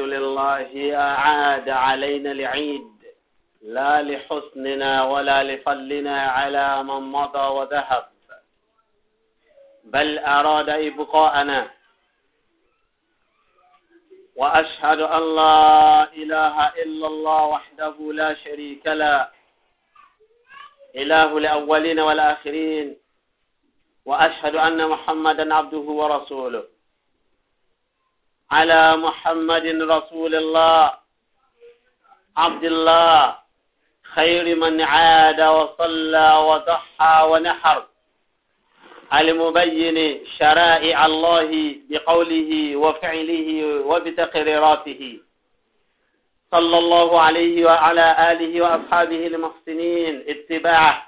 الحمد لله أعاد علينا العيد لا لحسننا ولا لفضلنا على من مضى وذهب بل أراد إبقاءنا وأشهد أن لا إله إلا الله وحده لا شريك له إله الأولين والآخرين وأشهد أن محمدا عبده ورسوله على محمد رسول الله عبد الله خير من عاد وصلى وضحى ونحر المبين شرائع الله بقوله وفعله وبتقريراته صلى الله عليه وعلى آله وأصحابه المحسنين اتباعه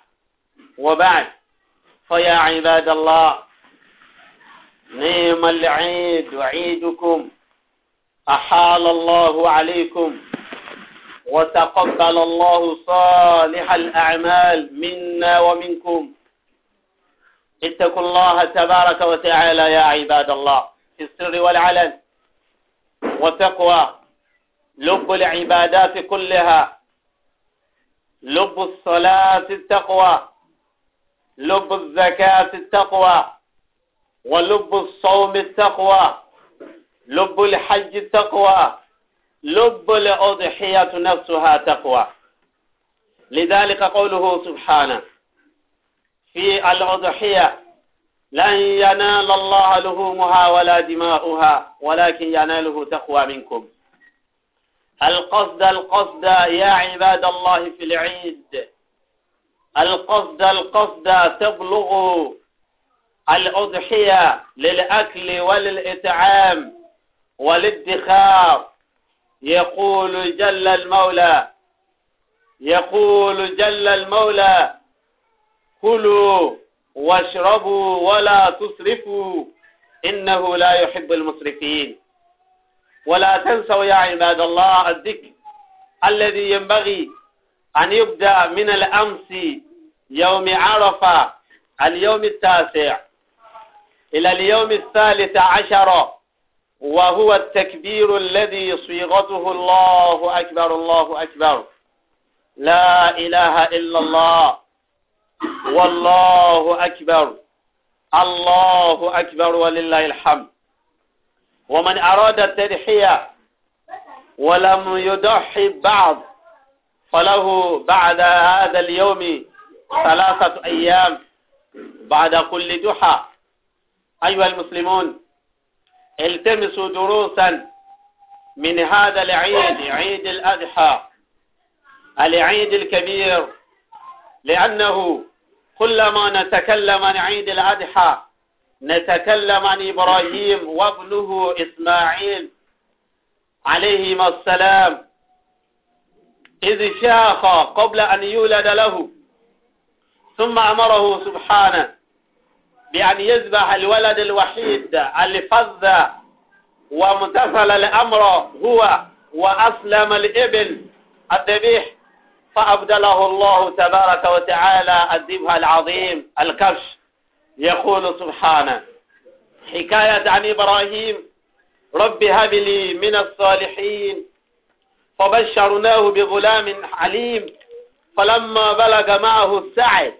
وبعد فيا عباد الله نعم العيد وعيدكم أحال الله عليكم وتقبل الله صالح الأعمال منا ومنكم اتقوا الله تبارك وتعالى يا عباد الله في السر والعلن وتقوى لب العبادات كلها لب الصلاة التقوى لب الزكاة التقوى ولب الصوم التقوى لب الحج التقوى لب الأضحية نفسها تقوى لذلك قوله سبحانه في الأضحية لن ينال الله لحومها ولا دماؤها ولكن يناله تقوى منكم القصد القصد يا عباد الله في العيد القصد القصد تبلغوا الأضحية للأكل وللإطعام والادخار يقول جل المولى يقول جل المولى كلوا واشربوا ولا تسرفوا إنه لا يحب المسرفين ولا تنسوا يا عباد الله الذكر الذي ينبغي أن يبدأ من الأمس يوم عرفة اليوم التاسع إلى اليوم الثالث عشر وهو التكبير الذي صيغته الله أكبر الله أكبر لا إله إلا الله والله أكبر الله أكبر ولله الحمد ومن أراد التضحية ولم يضحي بعض فله بعد هذا اليوم ثلاثة أيام بعد كل ضحى أيها المسلمون التمسوا دروسا من هذا العيد عيد الأضحى العيد الكبير لأنه كلما نتكلم عن عيد الأضحى نتكلم عن إبراهيم وابنه إسماعيل عليهما السلام إذ شاخ قبل أن يولد له ثم أمره سبحانه بأن يذبح الولد الوحيد الفظ وامتثل الأمر هو وأسلم الإبل الذبيح فأبدله الله تبارك وتعالى الذبح العظيم الكرش يقول سبحانه حكاية عن إبراهيم رب هب لي من الصالحين فبشرناه بغلام عليم فلما بلغ معه السعي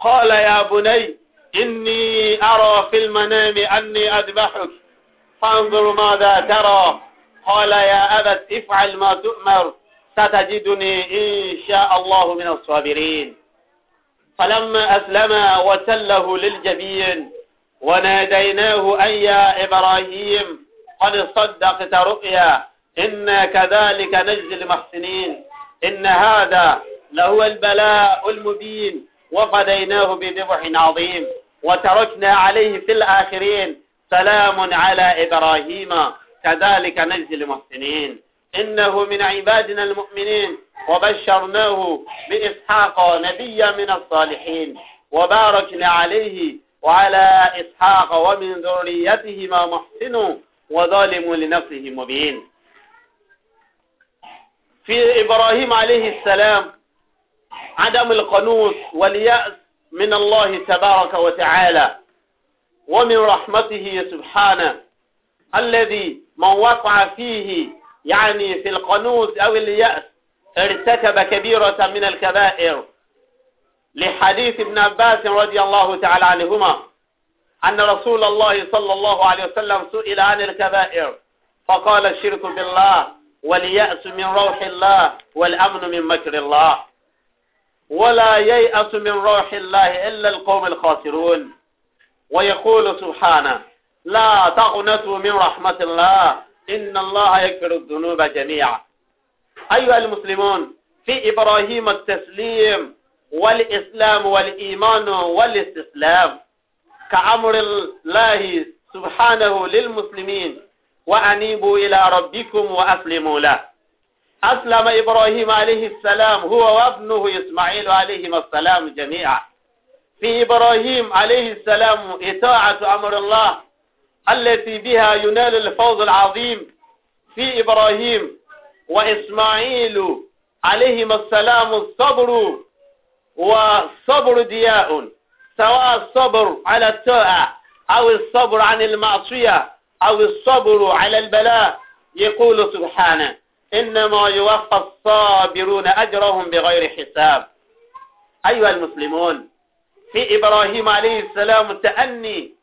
قال يا بني إني أرى في المنام أني أذبحك فانظر ماذا ترى قال يا أبت افعل ما تؤمر ستجدني إن شاء الله من الصابرين فلما أسلم وتله للجبين وناديناه أي يا إبراهيم قد صدقت رؤيا إنا كذلك نجزي المحسنين إن هذا لهو البلاء المبين وفديناه بذبح عظيم وتركنا عليه في الآخرين سلام على إبراهيم كذلك نجزي المحسنين إنه من عبادنا المؤمنين وبشرناه بإسحاق نبيا من الصالحين وباركنا عليه وعلى إسحاق ومن ذريتهما محسن وظالم لنفسه مبين في إبراهيم عليه السلام عدم القنوط واليأس من الله تبارك وتعالى ومن رحمته سبحانه الذي من وقع فيه يعني في القنوط أو اليأس ارتكب كبيرة من الكبائر لحديث ابن عباس رضي الله تعالى عنهما أن رسول الله صلى الله عليه وسلم سئل عن الكبائر فقال الشرك بالله واليأس من روح الله والأمن من مكر الله ولا ييأس من روح الله إلا القوم الخاسرون ويقول سبحانه لا تقنطوا من رحمة الله إن الله يكفر الذنوب جميعا أيها المسلمون في إبراهيم التسليم والإسلام والإيمان والاستسلام كأمر الله سبحانه للمسلمين وأنيبوا إلى ربكم وأسلموا له أسلم إبراهيم عليه السلام هو وابنه إسماعيل عليهما السلام جميعا في إبراهيم عليه السلام إطاعة أمر الله التي بها ينال الفوز العظيم في إبراهيم وإسماعيل عليهما السلام الصبر والصبر دياء سواء الصبر على التاء أو الصبر عن المعصية أو الصبر على البلاء يقول سبحانه إنما يوفى الصابرون أجرهم بغير حساب أيها المسلمون في إبراهيم عليه السلام التأني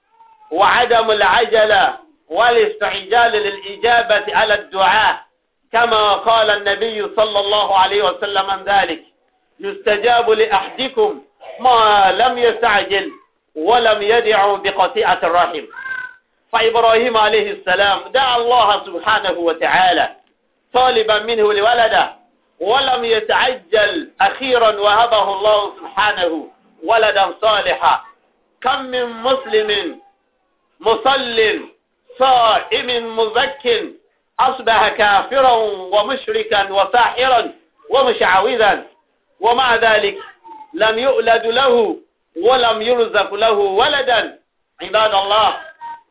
وعدم العجلة والاستعجال للإجابة على الدعاء كما قال النبي صلى الله عليه وسلم عن ذلك يستجاب لأحدكم ما لم يستعجل ولم يدع بقطيعة الرحم فإبراهيم عليه السلام دعا الله سبحانه وتعالى طالبا منه لولده ولم يتعجل أخيرا وهبه الله سبحانه ولدا صالحا كم من مسلم مصل صائم مزك أصبح كافرا ومشركا وساحرا ومشعوذا ومع ذلك لم يؤلد له ولم يرزق له ولدا عباد الله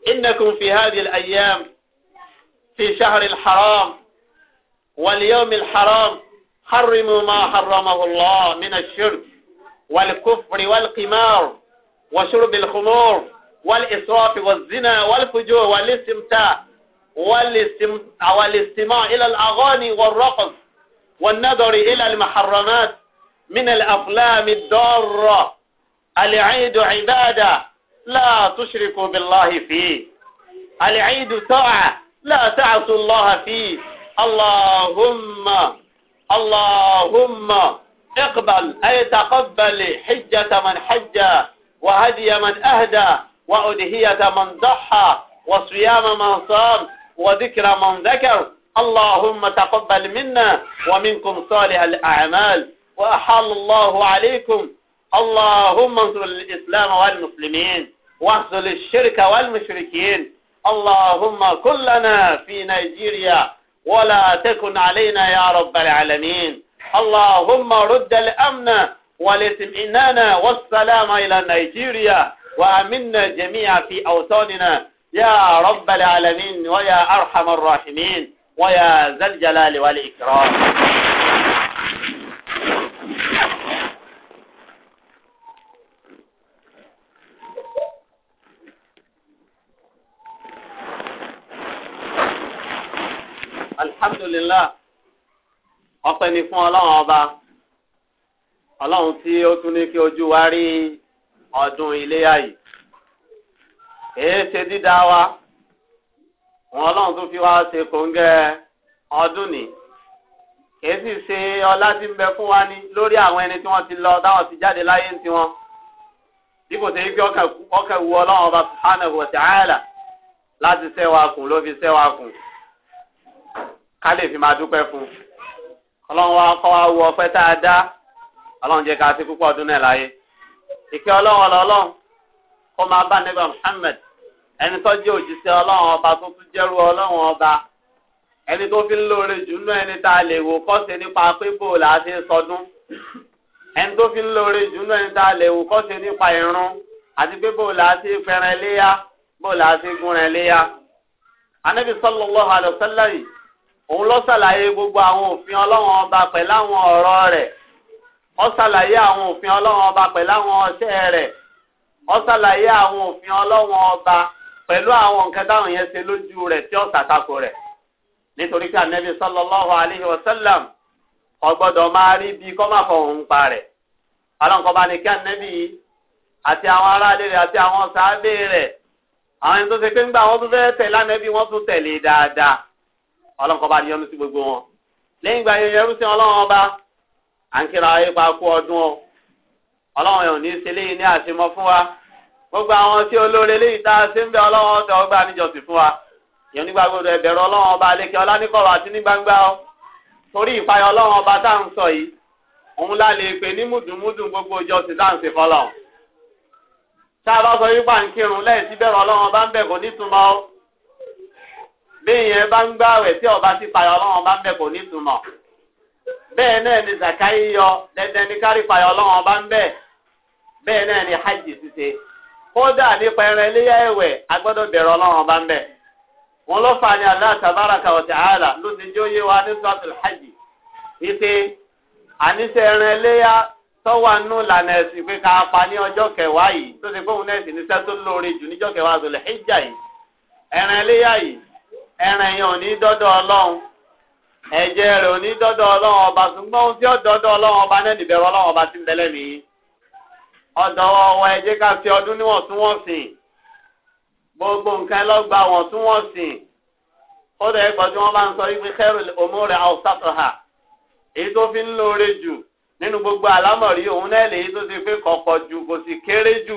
إنكم في هذه الأيام في شهر الحرام واليوم الحرام حرموا ما حرمه الله من الشرك والكفر والقمار وشرب الخمور والإسراف والزنا والفجور والاستمتاع والاستماع إلى الأغاني والرقص والنظر إلى المحرمات من الأفلام الضارة العيد عبادة لا تشركوا بالله فيه العيد طاعة لا تعصوا الله فيه اللهم اللهم اقبل أي تقبل حجة من حج وهدي من أهدى وأدهية من ضحى وصيام من صام وذكر من ذكر اللهم تقبل منا ومنكم صالح الأعمال وأحل الله عليكم اللهم انصر الإسلام والمسلمين واخذل الشرك والمشركين اللهم كلنا في نيجيريا ولا تكن علينا يا رب العالمين اللهم رد الأمن والاطمئنان والسلام إلى نيجيريا وأمنا جميعا في أوطاننا يا رب العالمين ويا أرحم الراحمين ويا ذا الجلال والإكرام alhamdulilah ọpẹ́ ni fún Ọlọ́run ọba Ọlọ́run tí ó tún ní kí ojú wa rí ọdún iléyà yìí èé ṣe dídá wa wọn Ọlọ́run tún fi wá ṣe kòńgẹ́ ọdún ni kìí sì ṣe ọlá tí ń bẹ fún wa ní lórí àwọn ẹni tí wọ́n ti lọ táwọn ti jáde láyé ń tiwọn bí kò tẹ́ ibi ọkàn wu Ọlọ́run ọba subhanahu wa ta'ala láti ṣẹ́wàá kùn ló fi ṣẹ́wàá kùn ká lè fi máa dúpẹ́ fún un ọlọ́run wa kọ́ wa wọ ọpẹ́ tá a dá ọlọ́run jẹ́ ká sí púpọ̀ ọdún náà láyé ìkẹ́ ọlọ́run ọlọ́run kó máa bá nígbà Muhammad ẹni tó jẹ́ òjíṣẹ́ ọlọ́run ọba tó tún jẹ́rú ọlọ́run ọba ẹni tó fi ń lóore jù nínú ẹni tá a lè wò kọ́sẹ̀ nípa pé bò sọdún ẹni tó fi ń lóore jù nínú ẹni tá a lè wò kọ́sẹ̀ nípa ìrun àti pé bò láà léyà bò láà ti léyà. Ànábì sallallahu alaihi wasallam òun ló ṣàlàyé gbogbo àwọn òfin ọlọ́wọ́n ọba pẹ̀lú àwọn ọ̀rọ̀ rẹ̀ ó ṣàlàyé àwọn òfin ọlọ́wọ́n ọba pẹ̀lú àwọn ọṣẹ́ rẹ̀ ó ṣàlàyé àwọn òfin ọlọ́wọ́n ọba pẹ̀lú àwọn nǹkan táwọn yẹn ṣe lójú rẹ̀ tí ó ṣàtakò rẹ̀ nítorí pé ànẹ́bí sallallahu alaihi wasallam kò gbọ́dọ̀ máa rí bí kọ́ máa fọ òun pa rẹ̀ alọ́nkọ́ba ni kí ànẹ́bí àti àwọn aráalé rẹ̀ àti àwọn sàábé rẹ̀ àwọn ẹni tó ṣe pé ńgbà wọ́n tún fẹ́ tẹ̀lé ànẹ́bí wọ́n tún tẹ̀lé dáadáa ọlọ́nkọ́ bá yọ́nú sí gbogbo wọn lẹ́yìn ìgbà yẹn yẹrú sí ọlọ́run ọba à ń kíra ipa kú ọdún o ọlọ́run yóò ní ṣe léyìn ní àṣemọ fún wa gbogbo àwọn tí olóore léyìn tá a ṣe ń bẹ ọlọ́run ọ̀tọ̀ ọgbà níjọsìn fún wa yẹn nígbà gbọdọ̀ ẹ̀bẹ̀rẹ̀ ọlọ́run ọba lékè ọlá níkọ̀rọ̀ àti ní gbangba o torí ìpayọ̀ ọlọ́run ọba tá à ń sọ yìí òun la lè pè ní mùdùmùdù gbogbo ìjọsìn tá à ń ṣe fọlọ́run tá a bá sọ yípa ń kírun lẹ́yìn tí bẹ̀rẹ̀ ọlọ́run ọba ń bẹ̀ kò nítumọ̀ o bẹ́ẹ̀ yẹn bá ń gbààwẹ̀ tí ọba ti payọ̀ ọlọ́run bá ń bẹ̀ kò ní túmọ̀ bẹ́ẹ̀ náà ni zakai yọ dandan ní kárí payọ̀ ọlọ́run bá ń hajj kódà nípa ẹran ẹ̀wẹ̀ agbọ́dọ̀ bẹ̀rẹ̀ ọlọ́run bá ń bẹ̀ wọn ló fa ni Allah hajj àníṣe ẹran lànà ẹ̀sìn pé ká pa ní ọjọ́ kẹwàá yìí tó ti náà sì ní sẹ́tún lórí jù ẹran yẹn ò ní dọ́dọ̀ ọlọ́run ẹ̀jẹ̀ rẹ̀ ò ní dọ́dọ̀ ọlọ́run ọba ṣùgbọ́n ohun tí ó dọ́dọ̀ ọlọ́run ọba náà níbẹ̀rẹ̀ ọlọ́run ọba ti ń bẹ̀lẹ̀ nìyí ọ̀dọ̀ ọwọ́ ẹ̀jẹ̀ ká fi ọdún níwọ̀ntúnwọ̀nsìn gbogbo nǹkan lọ́gba wọ̀ntúnwọ̀nsìn ó dẹ̀ ẹ̀kọ́ tí wọ́n bá ń sọ wípé kẹ́rù òmùrẹ̀ àwùsàtọ̀hà èyí tó fi ń lóore jù nínú gbogbo àlámọ̀rí òun náà lèyí tó ti pé kọ̀kọ̀ jù kò sì kéré jù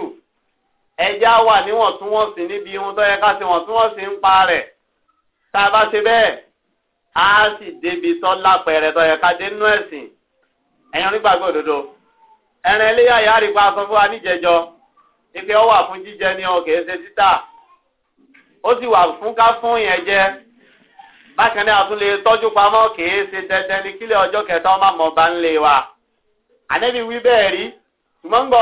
ẹja wà níwọ̀ntúnwọ̀nsìn níbi ohun tó yẹ ká ti wọ̀ntúnwọ̀nsìn ń pa rẹ̀ tá a bá ṣe bẹ́ẹ̀ á sì débi tọ́ lápẹẹrẹ tó yẹ ká dé nínú ẹ̀sìn ẹ̀yàn nígbàgbọ́ òdodo ẹran eléyà yà rí pa wa níjẹjọ ife fún jíjẹ ní ọ kìí ṣe títà ó sì wà fún ká fún yẹn jẹ bákan náà tún lè tọ́jú pamọ́ kìí ṣe dandan ní kílẹ̀ ọjọ́ kẹta ọmọ àmọ́ bá ń lè wa ànẹ́bí wí bẹ́ẹ̀ rí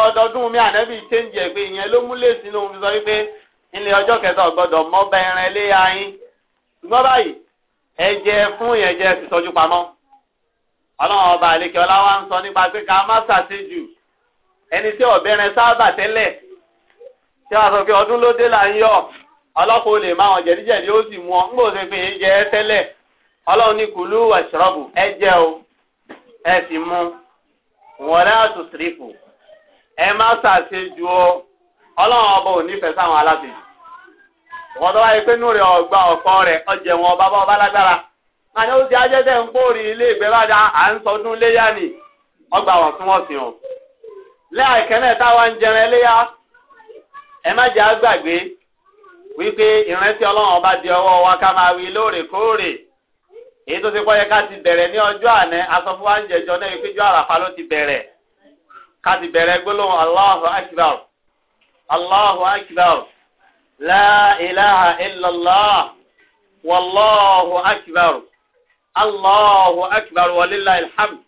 ọdọọdún mi ànẹ́bí ṣéǹjì pé ìyẹn ló múlẹ̀ sínú òun sọ wípé ilé ọjọ́ kẹta ṣùgbọ́n báyìí ẹ̀jẹ̀ fún ẹ̀jẹ̀ sọjú pamọ́ ọlọ́run ọba àlekè ọlá wa ń sọ nípa pé ká má ṣàṣejù ẹni tí ọ̀bẹ̀rẹ̀ sábà tẹ́lẹ̀ tí wàá sọ pé ọdún ló dé là ń olè máa wọn ó sì mú ọ ń pé tẹ́lẹ̀ ọlọ́run ní kùlú ẹ̀jẹ̀ o ẹ sì mú wọ́n tó wáyé pé núrẹ̀ ọgbà ọ̀kọ́ rẹ̀ wọn ọba lágbára máa ní ó ti ń pòórì ilé ìgbẹ́ bá da à ń ni ọgbà wọn fún wọn sí náà táwa ń léyà ẹ má jẹ́ àgbàgbé wípé ìrántí ọlọ́run ọba di ọwọ́ wa ká máa wí lóòrèkóòrè èyí tó ti pọ́yẹ ká ti bẹ̀rẹ̀ ní ọjọ́ àná aṣọ fún náà wípé jọ لا إله إلا الله والله أكبر الله أكبر ولله الحمد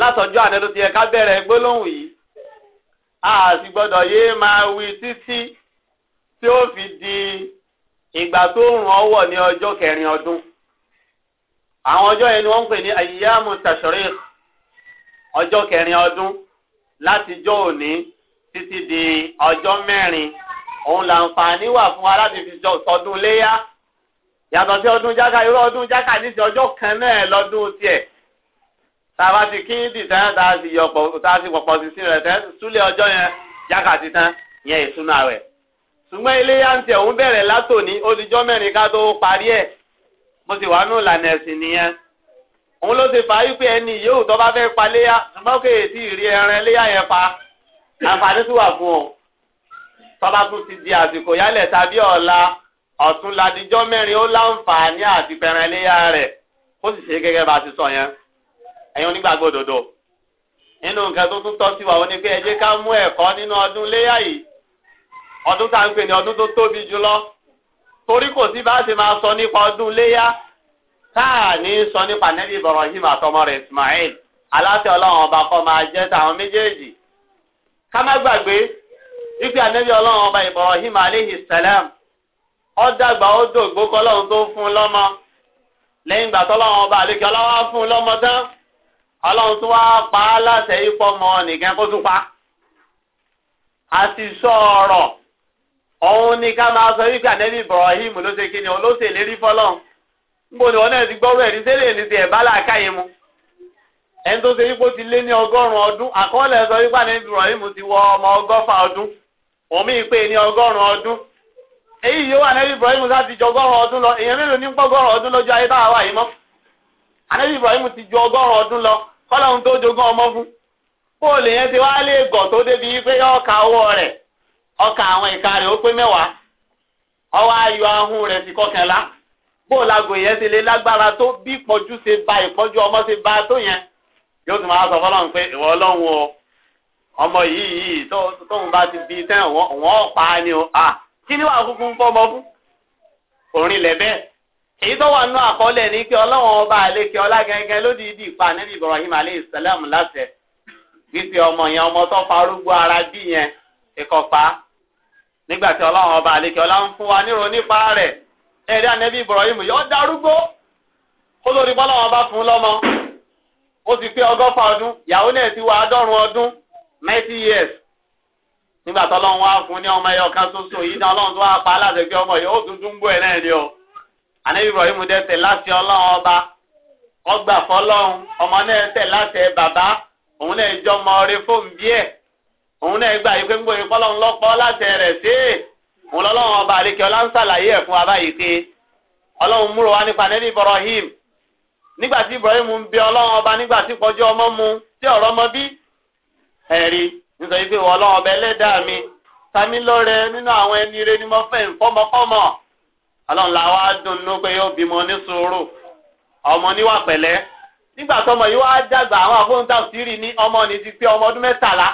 látọjọ́ àná ló ti yẹ ká bẹ̀rẹ̀ gbólóhùn yìí a sì gbọ́dọ̀ yéé máa wí títí tí ó fi di ìgbà tó rùn ọwọ́ ní ọjọ́ kẹrin ọdún àwọn ọjọ́ yẹn ni wọ́n ń pè ní ayyamu tashriq ọjọ́ kẹrin ọdún látijọ́ òní títí di ọjọ́ mẹ́rin òun làǹfààní wà fún wa láti fi sọdún léyà yàtọ̀ sí ọdún jáka irú ọdún jáka ní ti ọjọ́ kan náà lọ́dún tiẹ̀ tá a bá ti kí dì tán tá a sì yọ pọ̀ tá a sì pọ̀pọ̀ sí sí rẹ̀ tán súlẹ̀ ọjọ́ yẹn jáka ti tán yẹn ìsúná rẹ̀ ṣùgbọ́n iléyà ń tiẹ̀ òun bẹ̀rẹ̀ látòní odijọ́ mẹ́rin ká tó parí ẹ̀ mo sì wá nù lànà ẹ̀sìn nìyẹn òun ló ti fà á wípé ẹni yóò tọ́ bá fẹ́ pa léyà ṣùgbọ́n kéèyàn ti rí ẹran léyà yẹn pa àǹfààní sì wà fún ọ tọ́lágún ti di àsìkò yálẹ̀ tàbí ọ̀la ọ̀tún ladijọ́ mẹ́rin ó láǹfààní àti pẹ̀rẹ̀léyà rẹ̀ ó sì ṣe gẹ́gẹ́ bá a ti sọ yẹn ẹ̀yin onígbàgbọ́ òdodo nínú nǹkan tó tún tọ́ sí wa ó ní pé ẹ jẹ́ ká mú ẹ̀kọ́ nínú ọdún léyà yìí ọdún tá à ń pè ní ọdún tó tóbi jùlọ torí kò sí bá a ti máa sọ nípa ọdún léyà táà ní sọ nípa nẹ́bí Ibrahim àtọmọ rẹ̀ Ismail aláṣẹ ọlọ́run ọba kọ́ máa jẹ́ táwọn méjèèjì ká má gbàgbé ife ànẹ́bí ọlọ́run ọba Ibrahim aleyhi salam Ọ dàgbà ó dògbó kọ́lọ́run tó fún lọ́mọ ìgbà tọ́lọ́run ọba fún tán tó wá pa á ipò ọmọ nìkan kó tún ni ká máa sọ Ibrahim ló ṣe kíni òun lérí fọlọ́run níbo ni wọn náà ti gbọ́rọ̀ ẹ̀rí ní ti mu ẹni tó ṣe Ibrahim ti ọmọ wọ́n mí pé ní ọgọ́rùn-ún ọdún èyí yìí wà nẹ́bí Ibrahim láti jọ ọgọ́rùn-ún ọdún lọ èèyàn mélòó ní pọ́gọ́rùn-ún ọdún lọ́jọ́ ayé táwa yìí mọ́ anẹ́bí Ibrahim ti ju ọgọ́rùn-ún ọdún lọ kọ́lọ́hún tó jogún ọmọ fún bóòlù yẹn ti wá lè gọ̀ tó débi pé ọkà ọwọ́ rẹ̀ ọkà àwọn ìka rẹ̀ ó pé mẹ́wàá ọwọ́ ayọ̀ ahun rẹ̀ kọkànlá bóòlù yẹn ti ọmọ ọmọ yìí yìí tóun bá ti bí tẹ́ wọ́n pa á ni o à kí ni wà kúkú ń fọmọ fún orin lẹ̀ bẹ́ẹ̀ èyí tó wà nínú àkọọ́lẹ̀ ní kí ọlọ́wọ́n ọba àlékè ọlá gẹ́gẹ́ lódì ìdí ìpa níbi Ibrahim aleyhi salam láṣẹ ọmọ yẹn ọmọ tó ara bí yẹn ìkọ̀pá nígbà tí ọba wa nírò nípa rẹ̀ ẹ̀rí ànẹ́bí Ibrahim yọ darúgbó kó lórí ọba fún lọ́mọ ó ti pé ọgọ́fà ọdún ìyàwó náà ti wà ọdún ninety years nígbà tó lọ́n wá fún ní ọmọ ẹyọ kan ṣoṣo yìí ní ọlọ́run tó wá pa aláṣẹ ọmọ yìí ó tún tún bú náà ni o ànábì Ibrahim láti ọlọ́run ọba ọgbà fọlọ́run ọmọ náà tẹ̀ láti bàbá òun náà jọ fóun bí òun náà gbà pé ń fọlọ́run lọ́pọ̀ láti rẹ̀ ọba ọlá ń ẹ̀ fún pé Ibrahim nígbà tí ẹ̀rí nítorí pé wọ́n lọ́wọ́ ọbẹ̀ lẹ́dàá mi sami lọ́rẹ nínú àwọn ẹni rẹ ni mo fẹ́ fọmọfọmọ ọlọ́run làwọn á dunnú pé yóò bímọ ní sùúrù ọmọ níwà pẹ̀lẹ́ nígbà tọmọ yìí wàá dàgbà àwọn àfọ̀ǹtà sírì ní ọmọ ní ti pé ọmọ ọdún mẹ́tàlá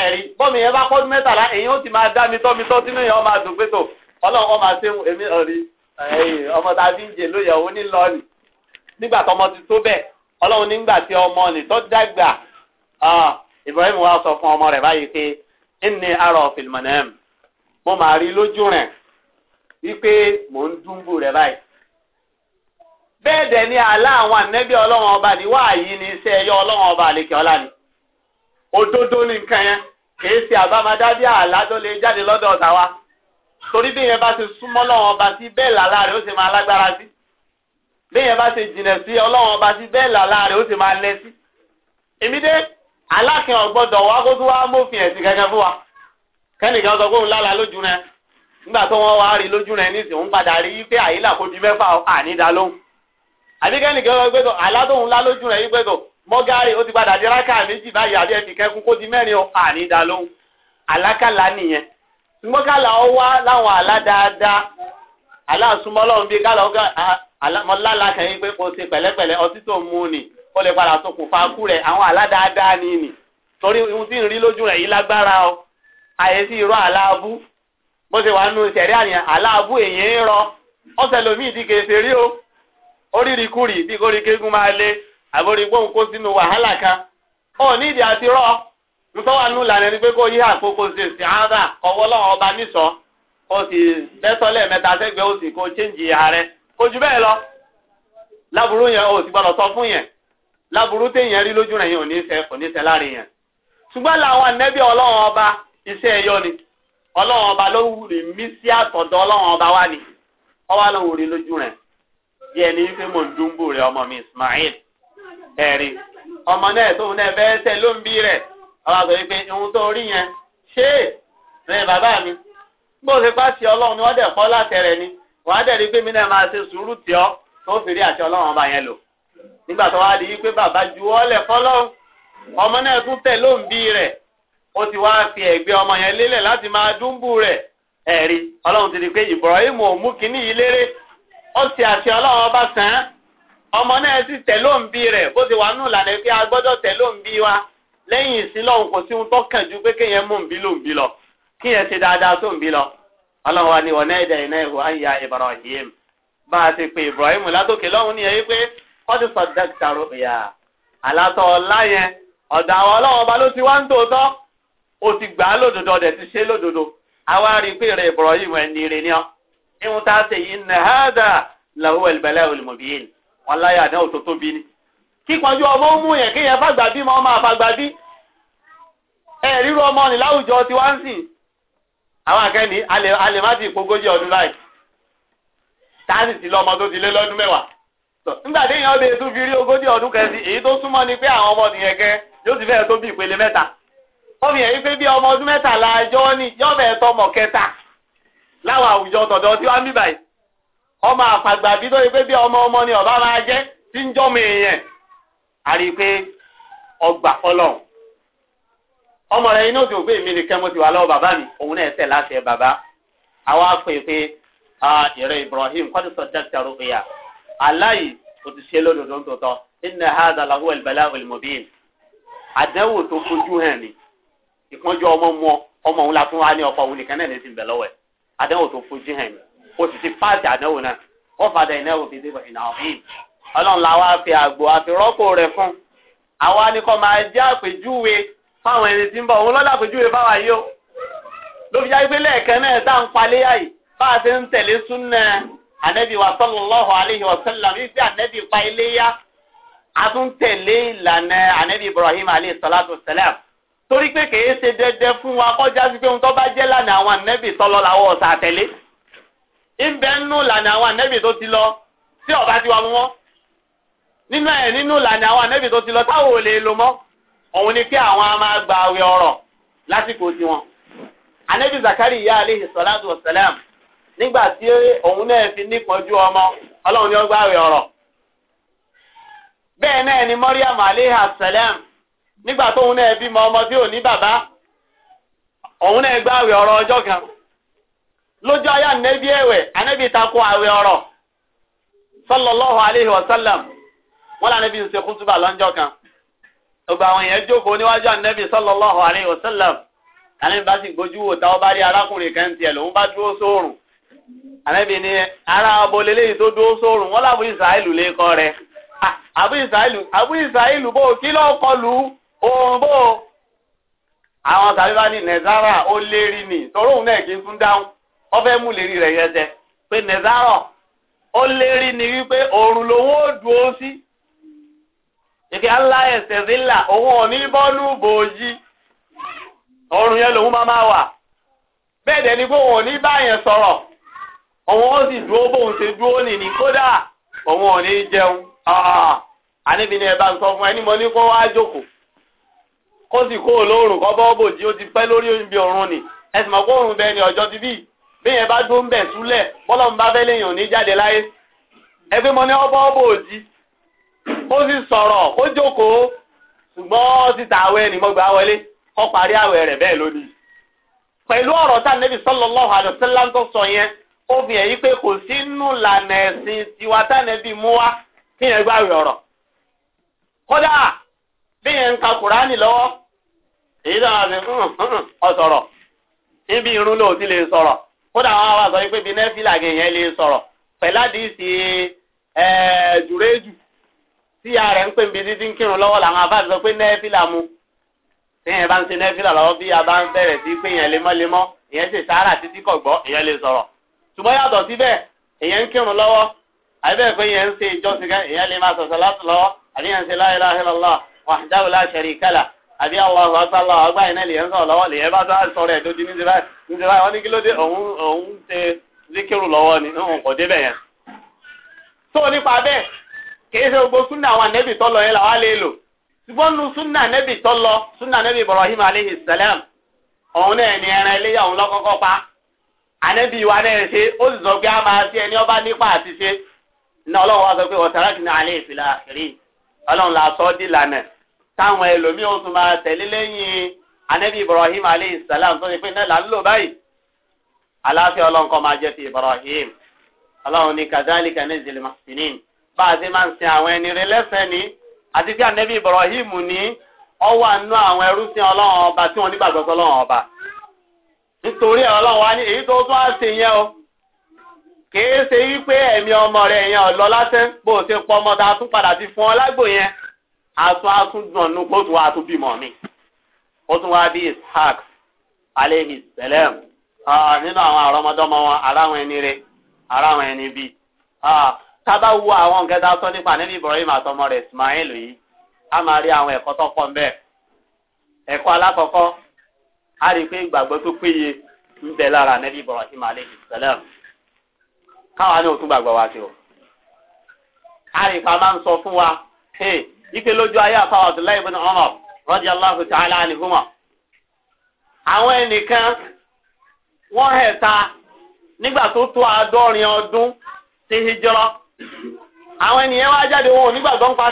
ẹ̀rí bọ́mi yẹn bá pọ́dún mẹ́tàlá èyí ó ti máa dá mi tọ́ mi tọ́ sínú yẹn ọmọ àdùnpẹ́tò ọlọ́run ọmọ àti èmi ọ̀rí ọmọ tàbí ń jè lóye òun ní lọ́ọ̀nì nígbà tọmọ ti tó bẹ́ẹ̀ ọlọ́run nígbà tí ọmọ nì tó dàgbà ah, Ibrahim wa sọ fún ọmọ rẹ̀ báyìí pé ẹnì arọ fìlmọ̀nẹ́m mo máa rí lójú rẹ̀ wípé mò ń dúnbù rẹ̀ báyìí. bẹ́ẹ̀ dẹ̀ ni àlá àwọn ànẹ́bí ọlọ́wọ́n ọba ni wàá yí ni iṣẹ́ ẹyọ ọlọ́wọ́n ọba àlekè ọlá ni. òdodo ni nǹkan yẹn kìí ṣe àbámadá bí àlá tó lè jáde lọ́dọ̀ ọ̀tá wa. torí bí yẹn bá ti súnmọ́ lọ́wọ́n ọba sí bẹ́ẹ̀ làlá rẹ̀ ó sì máa lágbára sí. bí yẹn bá ti jìnà sí ọlọ́wọ́n ọba sí bẹ́ẹ̀ làlá rẹ̀ ó sì máa lẹ sí. èmi dé alákẹ́ ọ̀gbọ́dọ̀ wá kó tún wá mófin ẹ̀sìn kankan fún wa kẹ́nìkan sọ pé òun lálàá lójú rẹ nígbà tó wọ́n wá rí lójú rẹ ní ìsìn òun padà rí pé àyílà kò di mẹ́fà ànídá lóhùn àbí kẹ́nìkan sọ pé tó àlá lá lójú rẹ yí pé tó mọ́gárì ó ti padà di méjì báyìí àbí kẹ́kún kó mẹ́rin lóhùn nìyẹn mọ́kàlà ó wá láwọn kálọ̀ ni. ó lè padà ṣokùnfà kú rẹ̀ àwọn aládáadáa ni nì torí ohun tí ń rí lójú rẹ̀ yìí lágbára o àyè sí irọ́ aláàbù bó ṣe wà nù sẹ̀rí àyàn aláàbù èyàn ń rọ ọ̀sẹ̀ lomi ìdíje ṣe rí o bí rí máa lé àbórí gbóhùn kó sínú wàhálà kan ó ní ìdí àti rọ lànà ni pé kó yí àkókò ṣe sí ọba nìṣọ sì ó fún yẹn láburú téèyàn rí lójú rẹ̀ yẹn ò ní ṣe kò ní ṣe láàrin yẹn ṣùgbọ́n làwọn ànábì ọlọ́run ọba iṣẹ́ ẹ̀yọ́ ni ọlọ́run ọba ló rí mí sí àtọ̀dọ̀ ọlọ́run ọba wá ni ọwá lòun rí lójú rẹ̀ bí ẹni wípé mò ń dúnbò rẹ̀ ọmọ mi Ismail ẹ̀rí ọmọ náà tóun náà fẹ́ tẹ̀ ló ń bí rẹ̀ ọba sọ wípé ohun tó rí yẹn ṣé rẹ̀ bàbá mi bó ṣe bá ọlọ́run ni wọ́n dẹ̀ kọ́ látẹ̀rẹ̀ ni wọ́n á dẹ̀ rí pé mi náà máa ṣe sùúrù tí ọ́ tó fi rí àti ọlọ́run ọba yẹn lò nígbà tó wá di baba bàbá ju ọmọ náà tún tẹ ló ń bí rẹ̀ ó ti wá fi ọmọ yẹn lélẹ̀ láti máa dúnbù rẹ. ẹ̀rí ọlọ́run ti di pé Ibrahim ò mú kínní yìí léré ó ti ọba sàn ọmọ náà sì tẹ ló ń bí rẹ̀ bó ti wà nù lànà pé wa kò sí ohun tó kàn ju pé kéèyàn mú lọ ṣe dáadáa tó ń bí lọ wa ni náà bá a ti pe Ibrahim látòkè lọ́hún kọ́dù sọ̀dẹ́kítà rúbìyà àlàtọ̀ ọ̀la yẹn ọ̀dọ̀ àwọn ọlọ́wọ́ ọba ló ti wá ń tòótọ́ o ti gbà á lódodo ọ̀dẹ̀ ti ṣe lódodo àwa rí i pé rẹ̀ Ibrahim ẹni rẹ̀ ni ọ́ ihun tá a ṣe yìí nà hádà làwọn ẹlẹ́bẹ̀lẹ́ olùmọ̀bìyìn wọn láyà náà ò tó tóbi ni kíkanjú ọmọ mú yẹn kéèyàn fàgbà bí mọ́ máa fàgbà ẹ ríru ọmọ ni láwùjọ ti wá ń sìn àwọn akẹ́ni alẹ́ má ti ìpogójì ọdún láì táàsì ti lọ́mọ tó ti lé lọ́dún mẹ́wàá nígbà téèyàn ọbẹ̀ ètò fi rí ogójì ọdún kẹsì èyí tó sụmọ ni pé àwọn ọmọ nìyẹn kẹ yóò ti fẹ́ẹ̀ tó bí ìpele mẹta ó fi yí pé bí ọmọ ọdún mẹ́tàlá ẹjọ́ yọọ yọ̀bẹ̀ tọmọ kẹta láwọn àwùjọ tí ọmọ bí tó yẹ pé ọmọ ọmọ ọba máa tí ń èèyàn a pé ọgbà fọlọ́hún ọmọ rẹ inú òsì òpin mi nìkan mo ti wà lọ́wọ́ bàbá mi òun náà tẹ̀ láti ẹ bàbá àwa pè pé ah, ìrẹ Ibrahim kọ́ni sọ aláyì o ti ṣe lódodo ntòtọ́ inna hadha lahu al-bala'u al-mubin àdánwò tó fojú hàn ni ìpọ́njú ọmọ mọ ọmọ òun la tún wá ní ọkọ òun nìkan náà ní ti ń bẹ lọ́wọ́ ẹ̀ àdánwò tó fojú hàn ni o sì ti páàtì àdánwò náà wọ́n fàdà ìnáwó fi dé ìnáwó yìí ọlọ́run la wá fi àgbò àti rọ́pò rẹ̀ fún àwa ni máa jẹ́ àpèjúwe fáwọn ẹni tí ń bọ̀ òun lọ́dà àpèjúwe fáwa yìí o ló jáde pé lẹ́ẹ̀kan náà tá ń paléyà yìí bá a ti ń tẹ̀lé súnà anabi wa sallallahu alayhi wa sallam wípé anabi pa iléyà atúntẹ̀lé ìlànà anabi ibrahim alayhi salatu salam torí pé kèé ṣe dẹdẹ fún wa kọjá sí pé ohun tó bá jẹ́ lànà àwọn anabi sọlọ làwọn ọ̀sà àtẹ̀lé ìbẹ́nu lànà àwọn anabi tó ti lọ tí ọba ti wà mú wọn nínú ẹ̀ nínú lànà àwọn anabi tó ti lọ táwọn ò lè lò mọ́ òun ni pé àwọn a máa gba àwẹ̀ ọ̀rọ̀ lásìkò tiwọn anabi zakari ya aleyhi salatu wa salam nígbà tí òun náà fi nípọ̀jú ọmọ ọlọ́run ni ó gbààwẹ̀ ọ̀rọ̀ bẹ́ẹ̀ náà ni Maryam aleyha salam nígbà tóun náà bímọ ọmọ tí ò ní bàbá òun náà gbààwẹ̀ ọ̀rọ̀ ọjọ́ kan lójú ayé ànẹ́bí ẹ̀wẹ̀ ànẹ́bí tako àwẹ̀ ọ̀rọ̀ sallallahu aleyhi wa sallam wọn là nẹ́bí ń ṣe kútùbà lọ́jọ́ kan ògbà àwọn èèyàn jókòó níwájú ànẹ́bí sallallahu aleyhi wa sallam àlẹ́bí ni ara ọbọ lélẹ́yìn tó dúró sórùn wọn làbú ìsàìlù lè kọ́ rẹ̀ àbú ìsàìlù àbú ìsàìlù bò kí lọ́ọ́ kọlù òun bò àwọn tàbí bá ní nẹ̀zára ó lérí nì torí òun náà kì í tún dáhùn wọ́n fẹ́ mú lérí rẹ̀ yẹn jẹ pé nẹ̀zára ó lérí ni wípé òòrùn lòun ó dúró sí ìkẹ́ aláyẹsẹ̀ sílà òun ò ní bọ́nú bòójì òòrùn yẹn lòun máa máa wà bẹ́ẹ̀ dẹ̀ ni pé òun ò ní báyẹn sọ̀rọ̀. òun ó sì dúró bóun ṣe dúró nìní kódà òun ò ní jẹun ah, àníbi ni ẹ bá ń sọ fún ẹni ní mo ní kó wá jókòó kó sì kó olóòrùn kọ́ bọ́ọ̀bù bòjì ó ti pẹ́ lórí ibi òrun ni ẹ mọ̀ kó bẹ ni ọjọ́ ti bí bá dún bẹ̀ súlẹ̀ bọ́lọ̀ ń bá fẹ́ léèyàn ní jáde ó fi hàn yí pé kò sínú lànà ẹ̀sìn tiwa tánẹ́bí mú wá kí yẹn gbàwé ọ̀rọ̀ kódà bí yẹn ń ka kùránì lọ́wọ́ èyí tó máa fi ọ̀sọ̀rọ̀ níbi irun ló ti lè sọ̀rọ̀ kódà wọn wá sọ pé bí nẹ́fìlà yẹn lè sọ̀rọ̀ pẹ̀lú àdìsí jùrẹ́jù tí ìyá rẹ̀ ń pè bí títí ń kírun lọ́wọ́ làwọn afáàdì sọ pé nẹ́fìlà mu tí yẹn bá ń ṣe nẹ́fìlà lọ́wọ́ bí a bá ń bẹ̀rẹ̀ sí pé yẹn lemọ́lemọ́ ìyẹn ṣe sáárà títí kọ̀ gbọ́ lè sọ̀rọ̀ ṣùgbọ́n yàtọ̀ síbẹ̀ èèyàn ń kírun lọ́wọ́ àbẹ́ẹ̀ pé èèyàn ń ṣe ìjọsìn kan èèyàn lè máa sọ̀sọ̀ láti lọ́wọ́ àbí èèyàn ń ṣe la ilaha illallah wahdahu la sharika lah àbí Allahu akbar Allahu akbar iná lèèyàn sọ̀rọ̀ lọ́wọ́ lèèyàn bá sọ̀rọ̀ sọ̀rọ̀ ẹ̀ lójú zikiru lọ́wọ́ ni òun kò débẹ̀ yẹn. tó nípa bẹ́ẹ̀ kìí ṣe gbogbo súnà àwọn anẹ́bì tó lọ yẹn anebi wa náà ṣe ó sì sọ pé a máa ṣe ẹni ọba nípa àti ṣe ní ọlọ́run wa sọ pé ọ̀tàrà alẹ́ ìfìlà la sọ táwọn ẹlòmíì ó máa tẹ̀lé lẹ́yìn ànábì Ibrahim alẹ́ ìsàlám tó pé náà là ń lò báyìí aláfẹ́ ọlọ́run máa jẹ́ ti Ibrahim ọlọ́run ní kazalika ní zilima sinin bá a ti máa ń sin àwọn ẹni rẹ lẹ́sẹ̀ ni àti pé ànábì Ibrahim ní ọwọ́ àánú àwọn ẹrú sí ọlọ́run ọba tí wọ́n ọba. nítorí ọlọ́run wá ní èyí tó tún á ṣe yẹn o kìí ṣe wípé ẹ̀mí ọmọ rẹ̀ yẹn ọ̀lọ́ lásán bó o ṣe pọ̀ ọmọ tá a tún padà ti fún ọ lágbo yẹn asun asun dùnú kó tún wá tún bímọ mi ó tún wá bí ishaq aleyhi salam nínú àwọn àrọmọdọ́mọ wọn aráwọn ẹni rẹ aráwọn ẹni bíi tábà wo àwọn nǹkan tá a sọ nípa níbi ibrahim àtọmọ rẹ̀ ismail yìí a máa rí àwọn ẹ̀kọ́ tó pọ̀ ń bẹ́ẹ̀ ẹ̀kọ́ a rí i pé tó péye ń bẹ lára nẹ́bí Ibrahim aleyhi ní òtún gbàgbọ́ wa sí o a rí i pa máa ń sọ fún wa ike lójú ayé àfàwọn Abdullahi ibn Umar radiyallahu ta'ala anhuma àwọn ẹnìkan wọ́n hẹ̀ ta nígbà tó tó àádọ́rin ọdún sí àwọn ènìyàn wá jáde wọn ò nígbàgbọ́ ń pa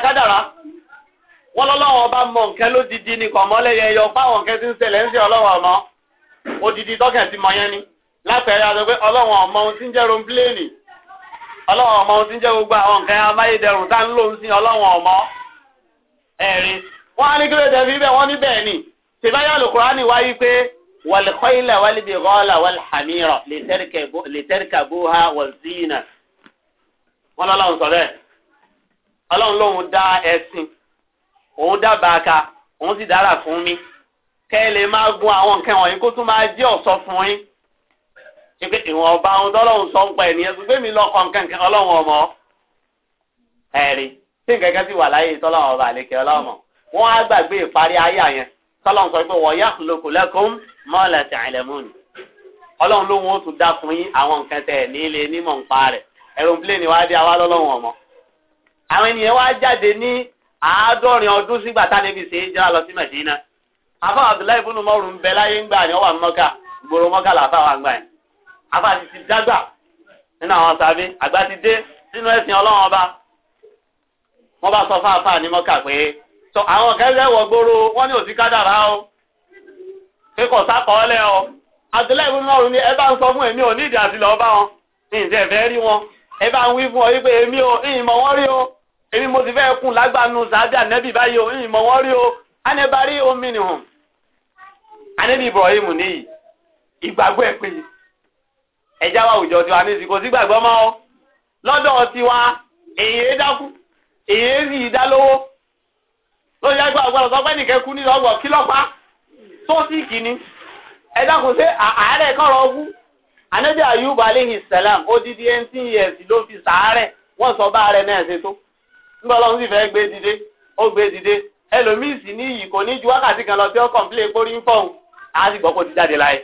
wọ́n lọ́lọ́wọ́ bá mọ nǹkan lódidi ni kò mọ́ lẹ́yẹ yọ fáwọn nǹkan tí ń ṣẹlẹ̀ ń ṣe ọlọ́wọ́ ọmọ odidi tọ́kẹ̀ ti mọ yẹn ni látẹ̀rẹ́ àti pé ọlọ́wọ́ ọmọ ohun tí ń jẹ́ rompléènì ọlọ́wọ́ ọmọ ohun tí ń jẹ́ gbogbo àwọn nǹkan amáyédẹrùn tá ń lò ń sin ọlọ́wọ́ ọmọ ẹ̀rin wọ́n á ní kí ló dé fi bẹ́ẹ̀ wọ́n ní bẹ́ẹ̀ ni tìbáyà ọlọ́run lóhun dá ẹ̀sìn òun dábàá ka òun sì dára fún mi kẹ́ ẹ lè máa gun àwọn nǹkan wọ̀nyí kó tún máa jẹ́ ọ̀sọ́ fún yín ṣípé ìwọ̀n ọba ohun tọ́lọ́hún sọ ń pa ènìyàn ṣùgbọ́n mi lọ́kọ̀ nǹkan kan ọlọ́run ọmọ ẹ̀rí tí nǹkan kan sì wà láyé tọ́lọ́run ọba àlekè ọlọ́mọ wọ́n á gbàgbé ìparí ayé àyẹn tọ́lọ́run sọ pé wọ́n yá lóko lẹ́kùn mọ́ọ̀lẹ̀ tẹ̀lẹ́mùnì ọlọ́run ló wọ́n tún dá fún yín àwọn nǹkan tẹ̀ ní ilé nímọ̀ ń pa rẹ̀ ẹ̀rọ̀pléènì wá dé àwa lọ́lọ́run ọmọ àwọn ènìyàn wá jáde ní àádọ́rin ọdún sígbà tá níbi ṣe é jẹ́ lọ sí Mẹ̀dínà afa Abdullahi ibùnú mọ́rùn ń bẹ láyé ń gbà ní ọwà mọ́kà gbòòrò mọ́kà làfà wà ń gbà yẹn afa ti ti dágbà nínú àwọn sàbí àgbà ọba sọ fáfá ní mọ́kà pé sọ àwọn kẹ́lẹ́ wọ gbòòrò wọ́n o pé kò sá kọ́ lẹ́ ni ẹ bá ń sọ fún èmi mo ti fẹ́ kún lágbàánu sàádé ànẹ́bí báyìí o ìmọ̀ wọn rí o anẹ́bárí omi ni hàn Ibrahim níyì ìgbàgbọ́ ẹ̀ pé wa òjò tiwa ní sí ọ lọ́dọ̀ tiwa èyí dákú èyí sì dá lówó lórí ẹgbẹ́ àgbàdo sọ nìkẹ́ kú kí lọ́pàá aleyhi salam odidi ló fi sàárẹ̀ wọ́n sọ bá rẹ̀ nígbà ọlọ́run sì fẹ́ gbé dìde ó gbé dìde ẹlòmíì sì ní iyì kò ní ju wákàtí kan lọ tí ó kọ̀ǹpilẹ̀ pórí ń fọ̀hún á sì gbọ́ kó ti jáde láyé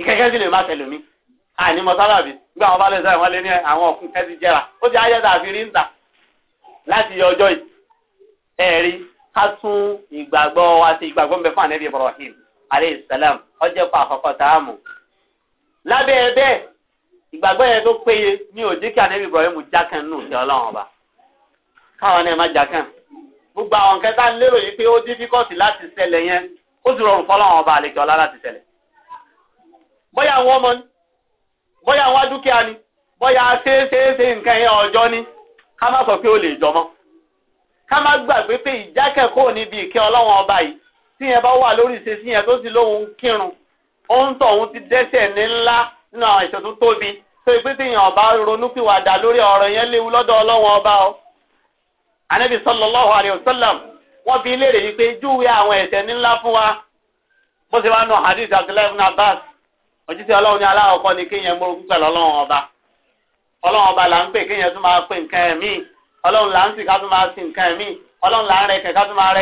ìkẹ́kẹ́ sì lè má tẹ̀lómi àní mọ sábàbí nígbà wọn bá lè sáré wọn lé ní àwọn ọkùn kẹ́ ti jẹ́ra ó ti ayẹ́ta àfi rí ń tà láti ọjọ́ ọjọ́ pa àkọ́kọ́ lábẹ́ ẹ bẹ́ẹ̀ ìgbàgbọ́ yẹn tó péye ní òjì kí Ibrahim nù sí ọlọ́run ọba káwọn náà má jà kàn gbogbo àwọn kẹta ń lérò yìí pé ó dífíkọ́tì láti ṣẹlẹ̀ yẹn ó sì rọrùn fọlọ́wọn ọba àlejò ọlá láti ṣẹlẹ̀ bóyá àwọn ọmọ ni bóyá àwọn dúkìá ni bóyá ṣeéṣeéṣe nǹkan yẹn ọjọ́ ni ká má sọ pé ó lè jọmọ́ ká má gbàgbé pé ìjákẹ́kọ̀ọ́ níbi ìkẹ́ ọlọ́wọ́n ọba yìí tí yẹn bá wà lórí ìṣesí yẹn tó sì lóhun kírun ó ń tọ̀ ti dẹ́sẹ̀ ní ńlá nínú àwọn ìṣẹ̀ tóbi tó ìpínlẹ̀ ọba ronú lórí ọ̀rọ̀ yẹn léwu lọ́dọ̀ ọlọ́wọ́n ọba o. anabi sallallahu alayhi wa sallam wọ́n fi léèrè yìí pé júwe àwọn ẹ̀ṣẹ̀ ńlá fún wa bó ṣe wá nù hadith abdullahi ibn abbas òjíṣẹ́ ọlọ́run ní aláwọ̀kọ́ ni kéèyàn gbórúkú pẹ̀lú ọlọ́run ọba ọlọ́run ọba là ń pè kéèyàn tún máa pè nǹkan ẹ̀ míì là ń sìn ká tún máa nǹkan là ń ká tún máa